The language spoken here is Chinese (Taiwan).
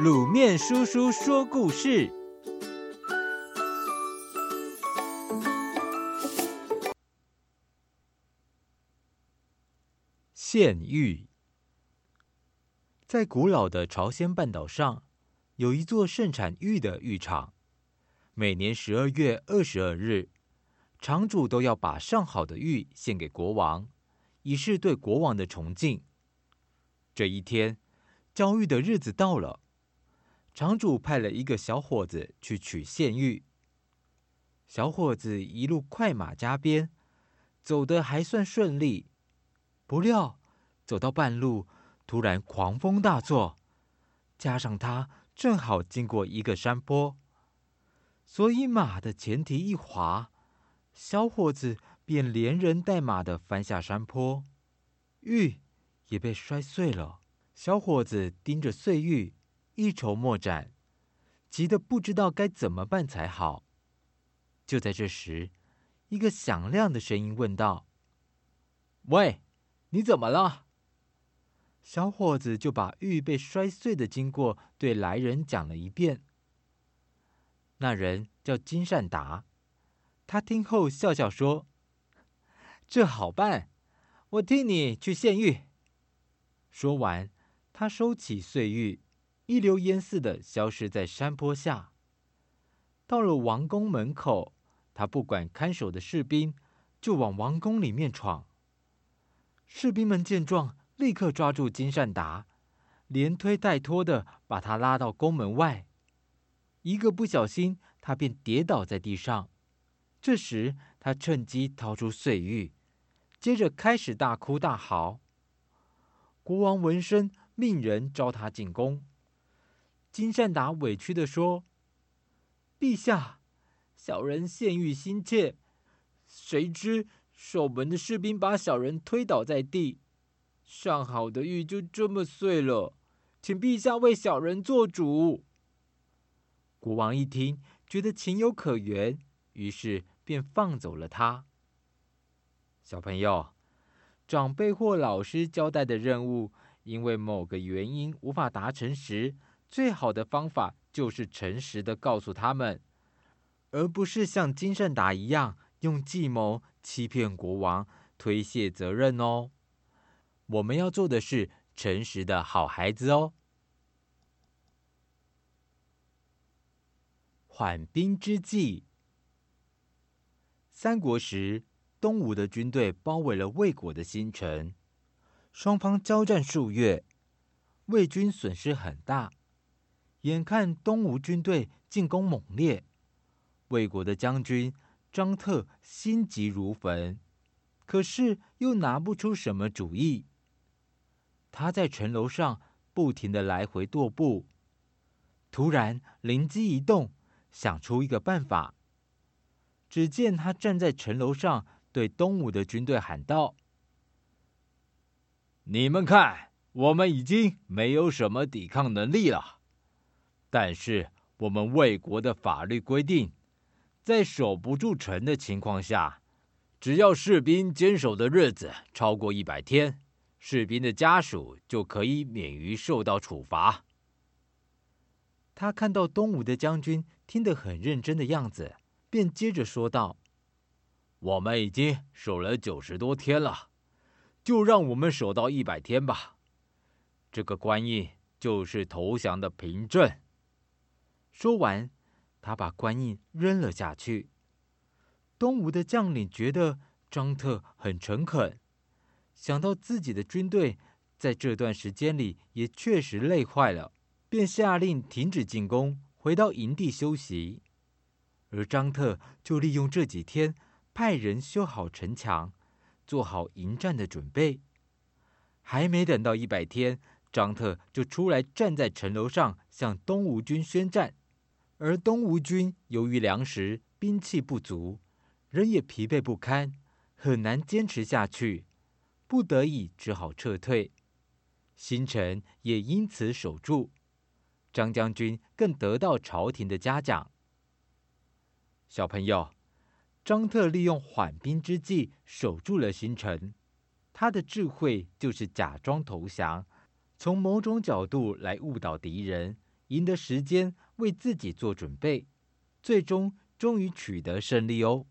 滷麵叔叔說故事：獻玉。在古老的朝鮮半島上，有一座盛產玉的玉場。每年十二月二十二日，場主都要把上好的玉獻給國王，以示對國王的崇敬。這一天，交玉的日子到了。廠主派了一個小伙子去取獻玉。小伙子一路快馬加鞭，走得還算順利。不料走到半路，突然狂風大作，加上他正好經過一個山坡，所以馬的前蹄一滑，小伙子便連人帶馬的翻下山坡，玉也被摔碎了。小伙子盯着碎玉。一籌莫展，急得不知道該怎麼辦才好。就在這時，一個響亮的聲音問道：“喂，你怎麼了？”小伙子就把玉被摔碎的經過對來人講了一遍。那人叫金善達，他聽後笑笑說：“這好辦，我替你去獻玉。”說完，他收起碎玉。一溜煙似的消失在山坡下。到了王宮門口，他不管看守的士兵，就往王宮裡面闖。士兵們見狀，立刻抓住金善達，連推帶拖的把他拉到宮門外。一個不小心，他便跌倒在地上。這時，他趁機掏出碎玉，接着開始大哭大嚎。國王聞聲，命人召他進宮。金善達委屈地說：“陛下，小人獻玉心切，誰知守門的士兵把小人推倒在地，上好的玉就這麼碎了。請陛下為小人做主。”國王一聽，覺得情有可原，於是便放走了他。小朋友，長輩或老師交代的任務，因為某個原因無法達成時，最好的方法就是誠實的告訴他們，而不是像金聖達一樣用計謀欺騙國王、推卸責任哦。我們要做的是誠實的好孩子哦。緩兵之計。三國時，東吳的軍隊包圍了魏國的新城，雙方交戰數月，魏軍損失很大。眼看東吳軍隊進攻猛烈，魏國的將軍張特心急如焚，可是又拿不出什麼主意。他在城樓上不停的來回踱步，突然靈機一動，想出一個辦法。只見他站在城樓上對東吳的軍隊喊道：“你們看，我們已經沒有什麼抵抗能力了。”但是我們魏國的法律規定，在守不住城的情況下，只要士兵堅守的日子超過一百天，士兵的家屬就可以免於受到處罰。他看到東吳的將軍聽得很認真的樣子，便接着說道：“我們已經守了九十多天了，就讓我們守到一百天吧。這個官印就是投降的憑證。”說完，他把官印扔了下去。東吳的將領覺得張特很誠懇，想到自己的軍隊在這段時間裡也確實累壞了，便下令停止進攻，回到營地休息。而張特就利用這幾天派人修好城牆，做好迎戰的準備。還沒等到一百天，張特就出來站在城樓上向東吳軍宣戰。而東吳軍由於糧食、兵器不足，人也疲憊不堪，很難堅持下去，不得已只好撤退。新城也因此守住，張將軍更得到朝廷的嘉獎。小朋友，張特利用緩兵之計守住了新城，他的智慧就是假裝投降，從某種角度來誤導敵人。贏得時間，為自己做準備，最終終於取得勝利哦。